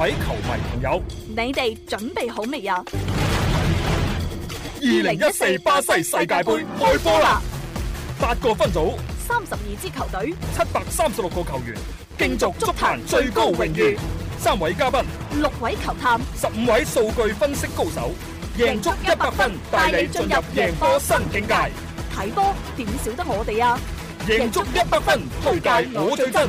各位球迷朋友，你哋準備好未啊？二零一四巴西世界盃開波啦！八個分組，三十二支球隊，七百三十六個球員，競逐足壇最高榮譽。三位嘉賓，六位球探，十五位數據分析高手，贏足一百分，帶你進入贏波新境界。睇波點少得我哋啊！贏足一百分推介我最真。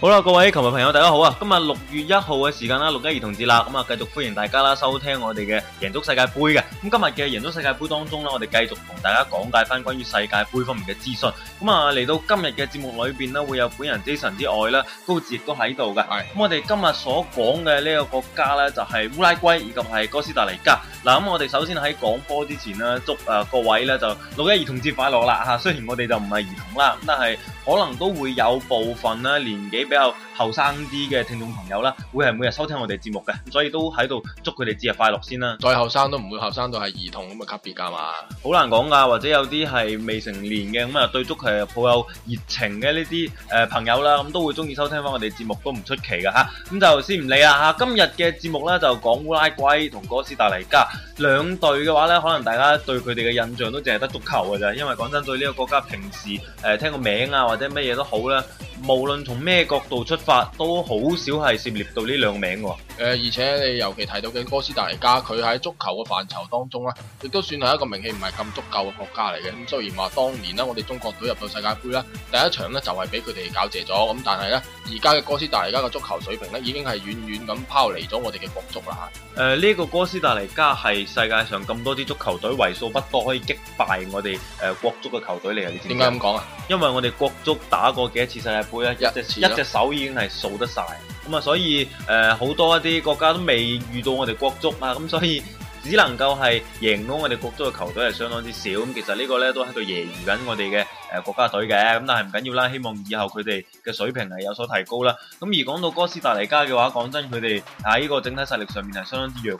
好啦，各位球迷朋友，大家好啊！今日六月一號嘅時間啦，六一兒童節啦，咁啊，繼續歡迎大家啦收聽我哋嘅贏足世界杯嘅。咁今日嘅贏足世界杯當中啦，我哋繼續同大家講解翻，關於世界杯方面嘅資訊。咁啊，嚟到今日嘅節目裏邊啦，會有本人 Jason 之外啦，高志都喺度嘅。係咁，我哋今日所講嘅呢個國家咧就係烏拉圭以及係哥斯達黎加。嗱，咁我哋首先喺講波之前咧，祝誒各位咧就六一兒童節快樂啦！吓，雖然我哋就唔係兒童啦，但係可能都會有部分啦年紀。比較後生啲嘅聽眾朋友啦，會係每日收聽我哋節目嘅，所以都喺度祝佢哋節日快樂先啦。再後生都唔會後生到係兒童咁嘅級別噶嘛，好難講噶。或者有啲係未成年嘅，咁啊對足球抱有熱情嘅呢啲誒朋友啦，咁都會中意收聽翻我哋節目，都唔出奇噶吓。咁、啊、就先唔理啦吓、啊。今日嘅節目咧就講烏拉圭同哥斯達黎加兩隊嘅話咧，可能大家對佢哋嘅印象都淨係得足球噶咋。因為講真，對呢個國家平時誒、呃、聽個名啊或者乜嘢都好啦。無論從咩角度出發，都好少係涉獵到呢兩名嘅，哦。誒、呃，而且你尤其提到嘅哥斯達黎加，佢喺足球嘅範疇當中咧，亦都算係一個名氣唔係咁足夠嘅國家嚟嘅。咁雖然話當年咧，我哋中國隊入到世界盃啦，第一場咧就係俾佢哋搞謝咗。咁、嗯、但係咧，而家嘅哥斯達黎加嘅足球水平咧，已經係遠遠咁拋離咗我哋嘅國足啦。誒、呃、呢、這個哥斯達黎加係世界上咁多啲足球隊為數不多可以擊敗我哋誒、呃、國足嘅球隊嚟嘅。你點解咁講啊？因為我哋國足打過幾多次世界？Yeah, 一隻一隻手已經係數得晒，咁啊，所以誒好、呃、多一啲國家都未遇到我哋國足啊，咁所以。只能夠係贏到我哋國足嘅球隊係相當之少，咁其實呢個呢都喺度揶揄緊我哋嘅誒國家隊嘅，咁但係唔緊要啦，希望以後佢哋嘅水平係有所提高啦。咁而講到哥斯達黎加嘅話，講真佢哋喺呢個整體實力上面係相當之弱，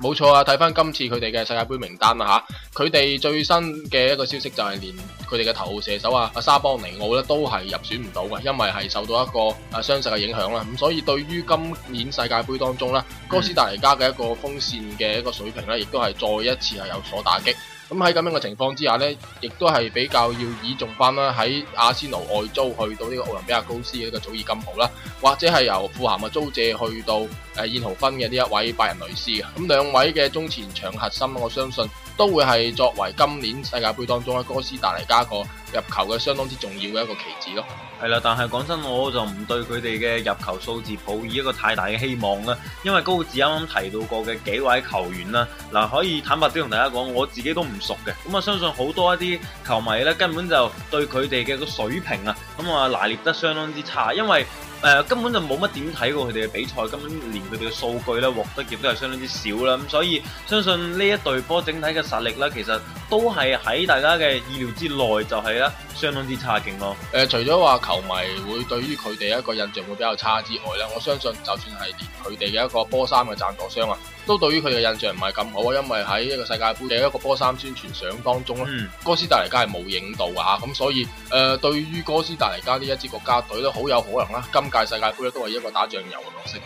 冇錯啊，睇返今次佢哋嘅世界盃名單啦嚇，佢哋最新嘅一個消息就係連佢哋嘅頭號射手啊阿沙邦尼奧呢都係入選唔到嘅，因為係受到一個誒傷勢嘅影響啦。咁所以對於今年世界盃當中啦、嗯，哥斯達黎加嘅一個風扇嘅一個。水平咧，亦都係再一次係有所打擊。咁喺咁樣嘅情況之下呢，亦都係比較要倚重翻啦，喺阿仙奴外租去到呢個奧林比亞高斯嘅一個祖爾金寶啦，或者係由富鹹嘅租借去到誒燕、呃、豪芬嘅呢一位拜仁雷斯嘅。咁兩位嘅中前場核心，我相信。都會係作為今年世界杯當中嘅哥斯達黎加個入球嘅相當之重要嘅一個旗幟咯。係啦，但係講真，我就唔對佢哋嘅入球數字抱以一個太大嘅希望啦，因為高子啱啱提到過嘅幾位球員啦。嗱，可以坦白啲同大家講，我自己都唔熟嘅。咁啊，相信好多一啲球迷咧，根本就對佢哋嘅個水平啊，咁啊，拿捏得相當之差，因為呃、根本就冇乜點睇過佢哋嘅比賽，根本連佢哋嘅數據咧獲得亦都係相當之少啦，咁所以相信呢一隊波整體嘅實力咧，其實都係喺大家嘅意料之內就呢，就係咧相當之差勁咯。誒、呃，除咗話球迷會對於佢哋一個印象會比較差之外咧，我相信就算係連佢哋嘅一個波衫嘅贊助商啊～都對於佢嘅印象唔係咁好啊，因為喺一個世界盃嘅一個波衫宣傳相當中咧、嗯，哥斯達黎加係冇影到的啊，咁所以誒、呃、對於哥斯達黎加呢一支國家隊都好有可能啦、啊，今屆世界盃咧都係一個打醬油嘅角色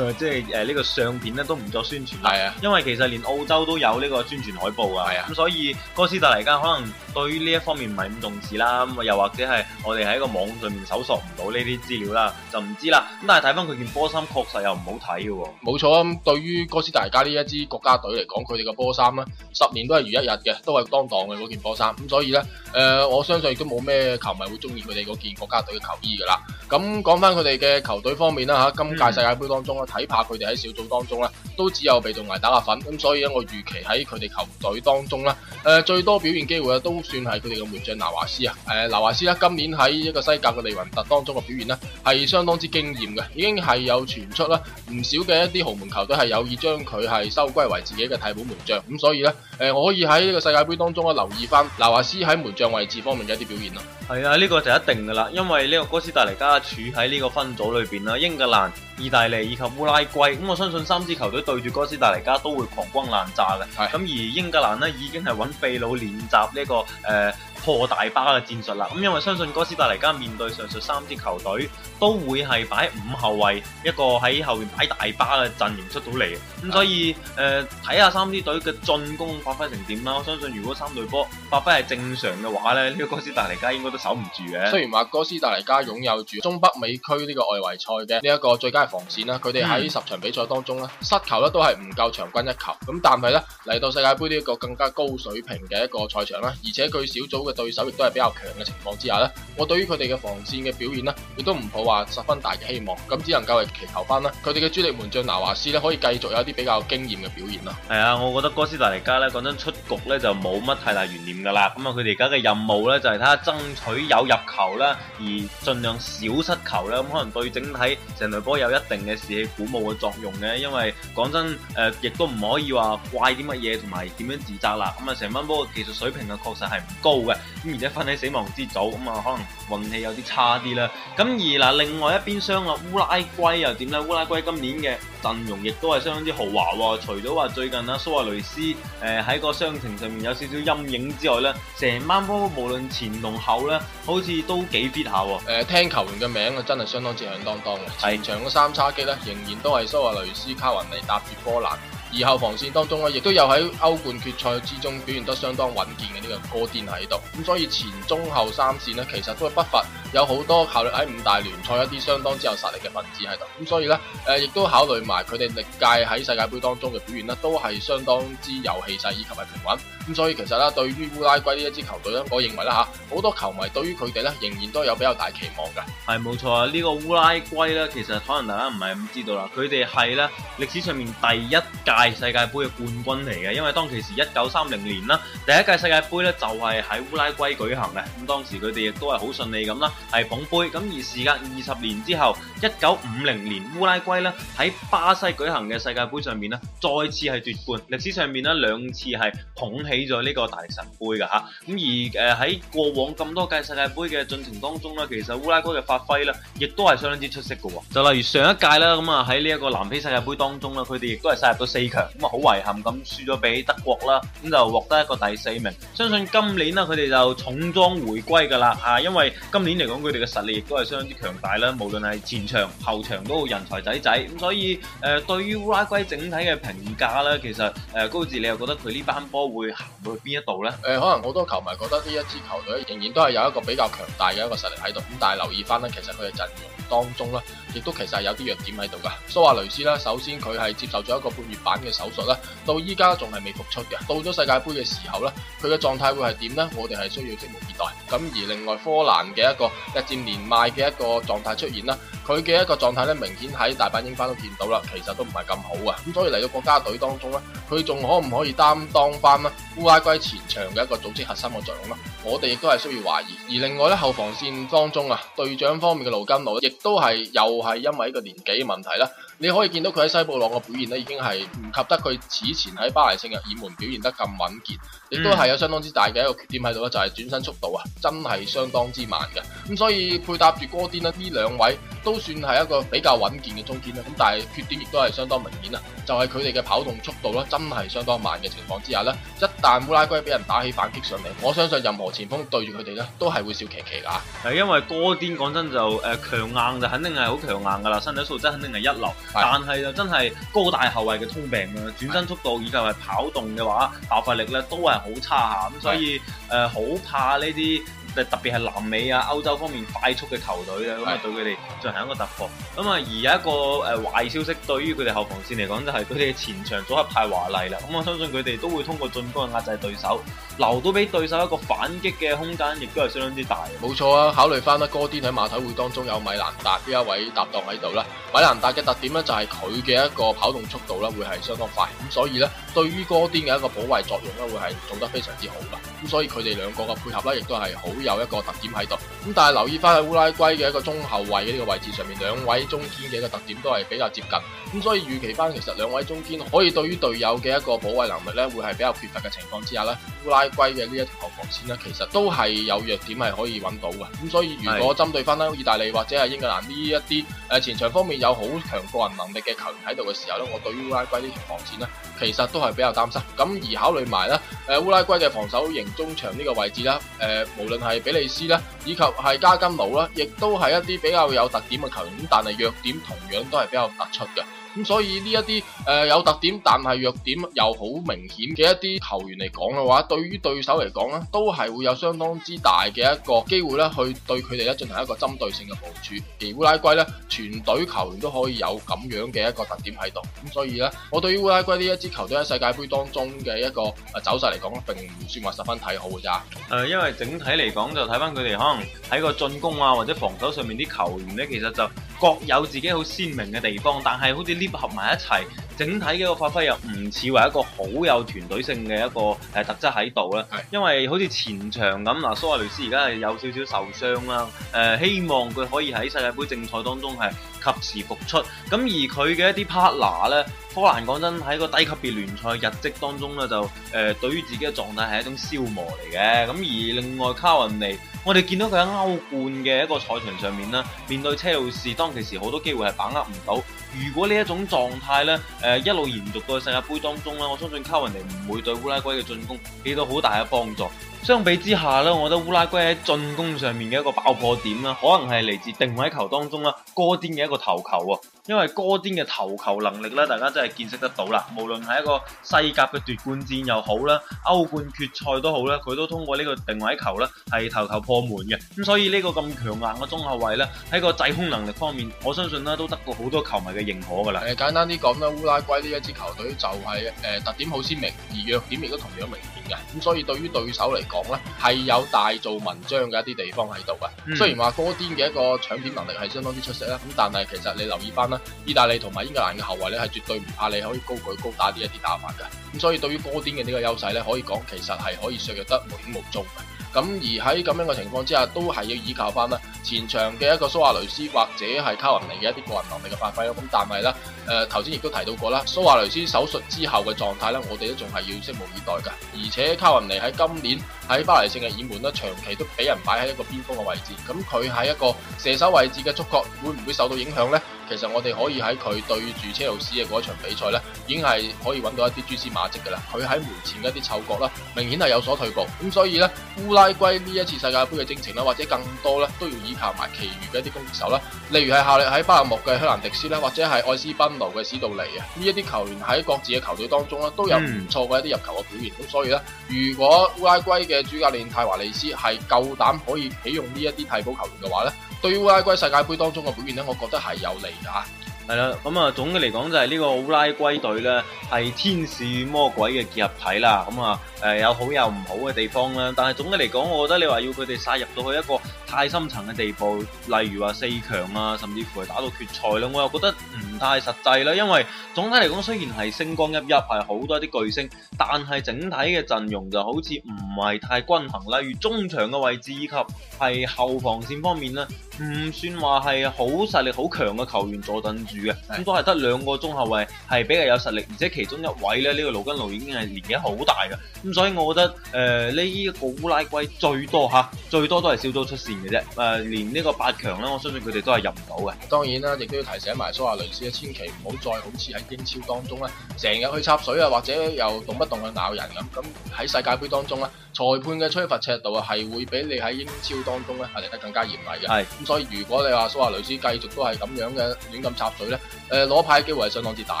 啦，即係誒呢個相片咧都唔作宣傳，係啊，因為其實連澳洲都有呢個宣傳海報啊，咁所以哥斯達黎加可能對於呢一方面唔係咁重視啦，咁又或者係我哋喺個網上面搜索唔到呢啲資料啦，就唔知啦，咁但係睇翻佢件波衫確實又唔好睇嘅喎，冇錯啊，對於哥斯達。而家呢一支國家隊嚟講，佢哋嘅波衫啦，十年都係如一日嘅，都係當當嘅嗰件波衫。咁所以呢，誒、呃，我相信亦都冇咩球迷會中意佢哋嗰件國家隊嘅球衣噶啦。咁講翻佢哋嘅球隊方面啦，吓、啊，今屆世界盃當中咧，睇、嗯、怕佢哋喺小組當中啦，都只有被動挨打嘅份。咁所以咧，我預期喺佢哋球隊當中啦，誒、呃，最多表現機會啊，都算係佢哋嘅門將拿華斯啊。誒、呃，拿華斯咧，今年喺一個西甲嘅利雲特當中嘅表現呢，係相當之驚艷嘅，已經係有傳出啦，唔少嘅一啲豪門球隊係有意將佢。佢係收歸為自己嘅替補門將，咁所以呢，誒，我可以喺呢個世界杯當中啊，留意返，納華斯喺門將位置方面嘅一啲表現啦。係啊，呢、這個就一定噶啦，因為呢個哥斯達黎加處喺呢個分組裏邊啦，英格蘭、意大利以及烏拉圭，咁我相信三支球隊對住哥斯達黎加都會狂轟濫炸嘅。係。咁而英格蘭呢，已經係揾秘魯練習呢個誒。呃破大巴嘅戰術啦，咁因為相信哥斯達黎加面對上述三支球隊都會係擺五後衛，一個喺後面擺大巴嘅陣型出到嚟，咁所以誒睇下三支隊嘅進攻發揮成點啦。我相信如果三隊波發揮係正常嘅話咧，呢、呢個哥斯達黎加應該都守唔住嘅。雖然話哥斯達黎加擁有住中北美區呢個外圍賽嘅呢一個最佳防線啦，佢哋喺十場比賽當中咧、嗯、失球咧都係唔夠場均一球，咁但係咧嚟到世界杯呢一個更加高水平嘅一個賽場啦，而且佢小組嘅。對手亦都係比較強嘅情況之下咧，我對於佢哋嘅防線嘅表現呢，亦都唔抱話十分大嘅希望，咁只能夠係祈求翻啦。佢哋嘅主力門將拿華斯咧，可以繼續有啲比較經驗嘅表現咯。係啊，我覺得哥斯達黎加咧講真出局咧就冇乜太大懸念㗎啦。咁啊，佢哋而家嘅任務咧就係睇下爭取有入球啦，而儘量少失球啦。咁可能對整體成隊波有一定嘅士氣鼓舞嘅作用嘅，因為講真誒，亦都唔可以話怪啲乜嘢同埋點樣自責啦。咁啊，成班波嘅技術水平啊確實係唔高嘅。咁而且瞓喺死亡之組，咁啊可能運氣有啲差啲啦。咁而嗱，另外一邊廂啊，烏拉圭又點咧？烏拉圭今年嘅陣容亦都係相當之豪華喎。除咗話最近啊蘇亞雷斯誒喺個傷情上面有少少陰影之外咧，成班哥無論前同後咧，好似都幾 fit 下喎。誒，聽球員嘅名啊，真係相當之響當當嘅。前場嘅三叉戟咧，仍然都係蘇亞雷斯、卡雲尼搭住波蘭。而後防線當中呢，亦都有喺歐冠決賽之中表現得相當穩健嘅呢個高甸喺度，咁所以前中後三線呢，其實都係不乏。有好多考慮喺五大聯賽一啲相當之有實力嘅分子喺度，咁所以咧，誒亦都考慮埋佢哋歷屆喺世界盃當中嘅表現咧，都係相當之有氣勢以及係平穩。咁所以其實咧，對於烏拉圭呢一支球隊咧，我認為啦吓，好多球迷對於佢哋咧仍然都有比較大期望嘅。係冇錯啊！呢個烏拉圭咧，其實可能大家唔係咁知道啦，佢哋係咧歷史上面第一屆世界盃嘅冠軍嚟嘅，因為當時一九三零年啦，第一屆世界盃咧就係喺烏拉圭舉行嘅，咁當時佢哋亦都係好順利咁啦。係捧杯咁，而時隔二十年之後，一九五零年烏拉圭咧喺巴西舉行嘅世界盃上面咧，再次係奪冠，歷史上面咧兩次係捧起咗呢個大力神杯嘅嚇。咁而誒喺過往咁多屆世界盃嘅進程當中咧，其實烏拉圭嘅發揮咧，亦都係相當之出色嘅喎。就例如上一屆啦，咁啊喺呢一個南非世界盃當中啦，佢哋亦都係殺入到四強，咁啊好遺憾咁輸咗俾德國啦，咁就獲得一個第四名。相信今年啦，佢哋就重裝回歸嘅啦嚇，因為今年嚟。講佢哋嘅實力亦都係相當之強大啦，無論係前場、後場都人才仔仔，咁所以誒、呃、對於烏拉圭整體嘅評價咧，其實誒、呃、高智你又覺得佢呢班波會行到去邊一度咧？誒、呃，可能好多球迷覺得呢一支球隊仍然都係有一個比較強大嘅一個實力喺度，咁但係留意翻咧，其實佢嘅陣容。當中啦，亦都其實係有啲弱點喺度噶。蘇亞雷斯啦，首先佢係接受咗一個半月板嘅手術啦，到依家仲係未復出嘅。到咗世界杯嘅時候咧，佢嘅狀態會係點咧？我哋係需要拭目以待。咁而另外科蘭嘅一個日漸年邁嘅一個狀態出現啦，佢嘅一個狀態咧，明顯喺大阪櫻花都見到啦，其實都唔係咁好嘅。咁所以嚟到國家隊當中咧，佢仲可唔可以擔當翻咧烏拉圭前場嘅一個組織核心嘅作用咧？我哋亦都係需要懷疑。而另外咧後防線當中啊，隊長方面嘅勞金羅亦。都係又係因為呢個年紀問題啦。你可以見到佢喺西布朗個表現咧，已經係唔及得佢此前喺巴黎聖日耳門表現得咁穩健，亦都係有相當之大嘅一個缺點喺度咧，就係轉身速度啊，真係相當之慢嘅。咁所以配搭住哥迪呢呢兩位，都算係一個比較穩健嘅中堅啦。咁但係缺點亦都係相當明顯啊，就係佢哋嘅跑動速度啦，真係相當慢嘅情況之下呢。一旦烏拉圭俾人打起反擊上嚟，我相信任何前鋒對住佢哋呢，都係會笑騎騎噶。係因為哥迪講真就誒強硬就肯定係好強硬噶啦，身體素質肯定係一流。是但係就真係高大後衞嘅通病啊，轉身速度以及係跑動嘅話，爆發力咧都係好差下咁，所以誒好、呃、怕呢啲特別係南美啊、歐洲方面快速嘅球隊咧，咁啊對佢哋進行一個突破。咁啊而有一個誒壞消息對於佢哋後防線嚟講，就係佢哋前場組合太華麗啦。咁我相信佢哋都會通過進攻壓制對手。留到俾對手一個反擊嘅空間，亦都係相當之大。冇錯啊，考慮翻啦，戈丁喺馬體會當中有米蘭達呢一位搭檔喺度啦。米蘭達嘅特點咧，就係佢嘅一個跑動速度咧，會係相當快。咁所以咧，對於戈丁嘅一個保衞作用咧，會係做得非常之好噶。咁所以佢哋兩個嘅配合咧，亦都係好有一個特點喺度。咁但係留意翻喺烏拉圭嘅一個中後衞嘅呢個位置上面，兩位中堅嘅一個特點都係比較接近。咁所以預期翻其實兩位中堅可以對於隊友嘅一個保衞能力咧，會係比較缺乏嘅情況之下咧，烏拉。烏拉圭嘅呢一條防線呢，其實都係有弱點係可以搵到嘅。咁所以如果針對翻咧意大利、或者係英格蘭呢一啲誒前場方面有好強個人能力嘅球員喺度嘅時候呢，我對於烏拉圭呢條防線呢，其實都係比較擔心。咁而考慮埋呢誒烏拉圭嘅防守型中場呢個位置啦，誒無論係比利斯啦，以及係加根姆啦，亦都係一啲比較有特點嘅球員，咁但係弱點同樣都係比較突出嘅。咁、嗯、所以呢一啲誒有特點但係弱點又好明顯嘅一啲球員嚟講嘅話，對於對手嚟講咧，都係會有相當之大嘅一個機會咧，去對佢哋咧進行一個針對性嘅部署。而烏拉圭咧，全隊球員都可以有咁樣嘅一個特點喺度。咁所以咧，我對於烏拉圭呢一支球隊喺世界盃當中嘅一個誒走勢嚟講咧，並唔算話十分睇好嘅咋。誒、呃，因為整體嚟講就睇翻佢哋可能喺個進攻啊或者防守上面啲球員咧，其實就。各有自己好鮮明嘅地方，但係好似黐合埋一齊。整體嘅一個發揮又唔似為一個好有團隊性嘅一個誒特質喺度啦，因為好似前場咁嗱，蘇亞雷斯而家係有少少受傷啦、呃，希望佢可以喺世界盃正賽當中係及時復出。咁而佢嘅一啲 partner 呢，科蘭講真喺個低級別聯賽日績當中呢，就誒對於自己嘅狀態係一種消磨嚟嘅。咁而另外卡雲尼，我哋見到佢喺歐冠嘅一個賽場上面呢，面對車路士當其時好多機會係把握唔到。如果呢一種狀態咧，誒一路延續到世界杯當中啦，我相信卡雲尼唔會對烏拉圭嘅進攻起到好大嘅幫助。相比之下咧，我覺得烏拉圭喺進攻上面嘅一個爆破點啦，可能係嚟自定位球當中啦，哥甸嘅一個頭球喎。因為哥顛嘅頭球能力咧，大家真係見識得到啦。無論係一個西甲嘅奪冠戰又好啦，歐冠決賽都好啦，佢都通過呢個定位球咧，係頭球破門嘅。咁所以呢個咁強硬嘅中後衛咧，喺個制空能力方面，我相信咧都得過好多球迷嘅認可噶啦。誒，簡單啲講啦，烏拉圭呢一支球隊就係誒特點好鮮明，而弱點亦都同樣好明顯嘅。咁所以對於對手嚟講咧，係有大做文章嘅一啲地方喺度嘅。雖然話哥顛嘅一個搶點能力係相當之出色啦，咁但係其實你留意翻啦。意大利同埋英格蘭嘅後衛咧係絕對唔怕，你可以高舉高打啲一啲打法嘅。咁所以對於波點嘅呢個優勢咧，可以講其實係可以削弱得無影無蹤嘅。咁而喺咁樣嘅情況之下，都係要依靠翻咧前場嘅一個蘇亞雷斯或者係卡雲尼嘅一啲個人能力嘅發揮咯。咁但係咧誒頭先亦都提到過啦，蘇亞雷斯手術之後嘅狀態咧，我哋都仲係要拭目以待噶。而且卡雲尼喺今年喺巴黎聖日耳曼咧，長期都俾人擺喺一個邊鋒嘅位置，咁佢喺一個射手位置嘅觸覺會唔會受到影響咧？其實我哋可以喺佢對住車路士嘅嗰一場比賽呢，已經係可以揾到一啲蛛絲馬跡噶啦。佢喺門前嘅一啲嗅覺啦，明顯係有所退步。咁所以呢，烏拉圭呢一次世界杯嘅征程啦，或者更多呢，都要依靠埋其餘嘅一啲攻擊手啦。例如係效力喺巴勒莫嘅香蘭迪斯啦，或者係愛斯賓奴嘅史杜尼啊。呢一啲球員喺各自嘅球隊當中呢，都有唔錯嘅一啲入球嘅表現。咁、嗯、所以呢，如果烏拉圭嘅主教練泰，泰華利斯係夠膽可以啟用呢一啲替補球員嘅話呢。對於烏拉圭世界杯當中嘅表現咧，我覺得係有利噶。係啦，咁、嗯、啊，總嘅嚟講就係呢個烏拉圭隊咧，係天使魔鬼嘅結合體啦。咁、嗯、啊，誒、嗯、有好有唔好嘅地方啦。但係總嘅嚟講，我覺得你話要佢哋殺入到去一個太深層嘅地步，例如話四強啊，甚至乎係打到決賽啦，我又覺得唔太實際啦。因為總體嚟講，雖然係星光熠熠，係好多啲巨星，但係整體嘅陣容就好似唔係太均衡。例如中場嘅位置以及係後防線方面咧。唔算話係好實力好強嘅球員坐鎮住嘅，咁都係得兩個中後衛係比較有實力，而且其中一位咧呢、這個勞根路已經係年紀好大嘅，咁所以我覺得誒呢、呃這個烏拉圭最多吓，最多都係小組出線嘅啫，誒、呃、連呢個八強呢，我相信佢哋都係入唔到嘅。當然啦，亦都要提醒埋蘇亞雷斯啊，千祈唔好再好似喺英超當中啦，成日去插水啊，或者又動不動去鬧人咁，咁喺世界杯當中咧，裁判嘅吹罰尺度啊，係會比你喺英超當中咧係嚟得更加嚴厲嘅。所以如果你話蘇亞雷斯繼續都係咁樣嘅亂咁插水咧，誒、呃、攞牌機會係相當之大，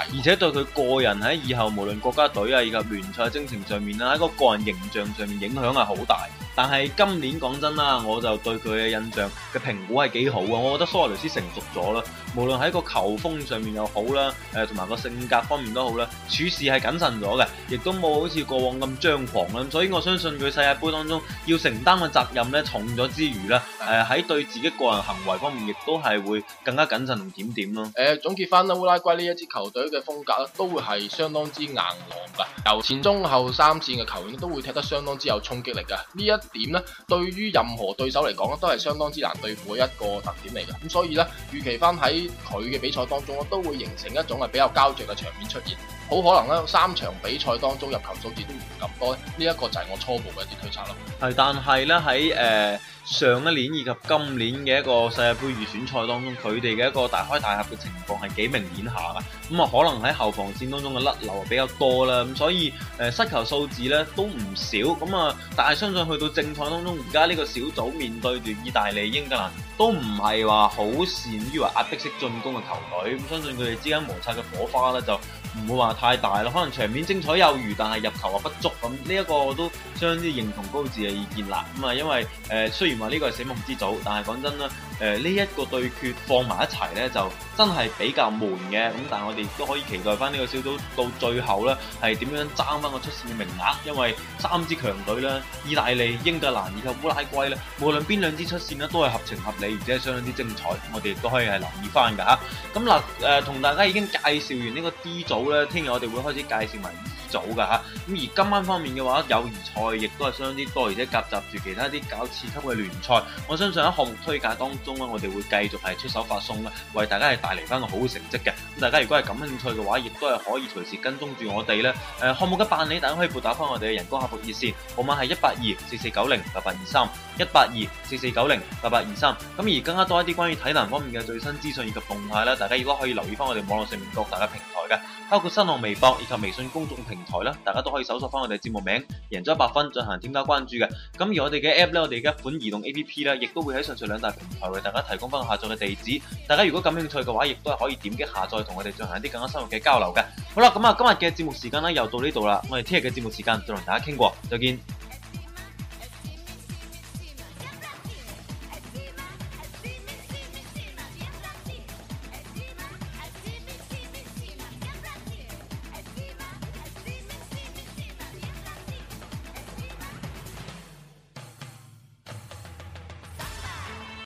而且對佢個人喺以後無論國家隊啊以及聯賽精神上面啦，喺個個人形象上面影響係好大。但係今年講真啦，我就對佢嘅印象嘅評估係幾好嘅，我覺得蘇亞雷斯成熟咗啦。無論喺個球風上面又好啦，誒，同埋個性格方面都好啦，處事係謹慎咗嘅，亦都冇好似過往咁張狂啦。所以我相信佢世界杯當中要承擔嘅責任咧重咗之餘啦，誒，喺、呃、對自己個人行為方面亦都係會更加謹慎同檢點咯。誒，總結翻啦，烏拉圭呢一支球隊嘅風格咧，都會係相當之硬朗噶，由前中後三綫嘅球員都會踢得相當之有衝擊力㗎。呢一點咧，對於任何對手嚟講咧，都係相當之難對付嘅一個特點嚟嘅。咁所以咧，預期翻喺佢嘅比賽當中都會形成一種係比較膠着嘅場面出現。好可能咧，三場比賽當中入球數字都唔咁多，呢一個就係我初步嘅一啲推測咯。係，但係咧喺誒上一年以及今年嘅一個世界盃預選賽當中，佢哋嘅一個大開大合嘅情況係幾明顯下嘅。咁啊，可能喺後防線當中嘅甩漏比較多啦。咁所以誒、呃、失球數字咧都唔少。咁啊，但係相信去到正賽當中，而家呢個小組面對住意大利、英格蘭，都唔係話好善於話壓迫式進攻嘅球隊。咁相信佢哋之間摩擦嘅火花咧就唔會話太大咯，可能場面精彩有餘，但係入球話不足咁，呢一個我都相當之認同高智嘅意見啦。咁啊，因為誒、呃、雖然話呢個係死亡之組，但係講真啦。誒呢一個對決放埋一齊咧，就真係比較悶嘅。咁但係我哋亦都可以期待翻呢個小組到最後咧，係點樣爭翻個出線嘅名額？因為三支強隊啦，意大利、英格蘭以及烏拉圭啦，無論邊兩支出線啦，都係合情合理，而且係相當之精彩。我哋都可以係留意翻㗎嚇。咁嗱誒，同大家已經介紹完呢個 D 組咧，聽日我哋會開始介紹埋 E 組㗎嚇。咁、啊、而今晚方面嘅話，友誼賽亦都係相當之多，而且夾雜住其他啲搞次級嘅聯賽。我相信喺項目推介當中，中我哋會繼續係出手發送啦，為大家係帶嚟翻個好成績嘅。咁大家如果係感興趣嘅話，亦都係可以隨時跟蹤住我哋咧。誒，項目嘅辦理，大家可以撥打翻我哋嘅人工客服熱線，號碼係一八二四四九零八八二三，一八二四四九零八八二三。咁而更加多一啲關於體能方面嘅最新資訊以及動態啦，大家亦都可以留意翻我哋網絡上面各大嘅平台嘅，包括新浪微博以及微信公眾平台啦，大家都可以搜索翻我哋節目名《贏咗一百分》進行添加關注嘅。咁而我哋嘅 App 咧，我哋嘅一款移動 APP 咧，亦都會喺上述兩大平台。為大家提供翻下載嘅地址，大家如果感興趣嘅話，亦都係可以點擊下載，同我哋進行一啲更加深入嘅交流嘅。好啦，咁啊，今日嘅節目時間呢又到呢度啦，我哋聽日嘅節目時間再同大家傾過，再見。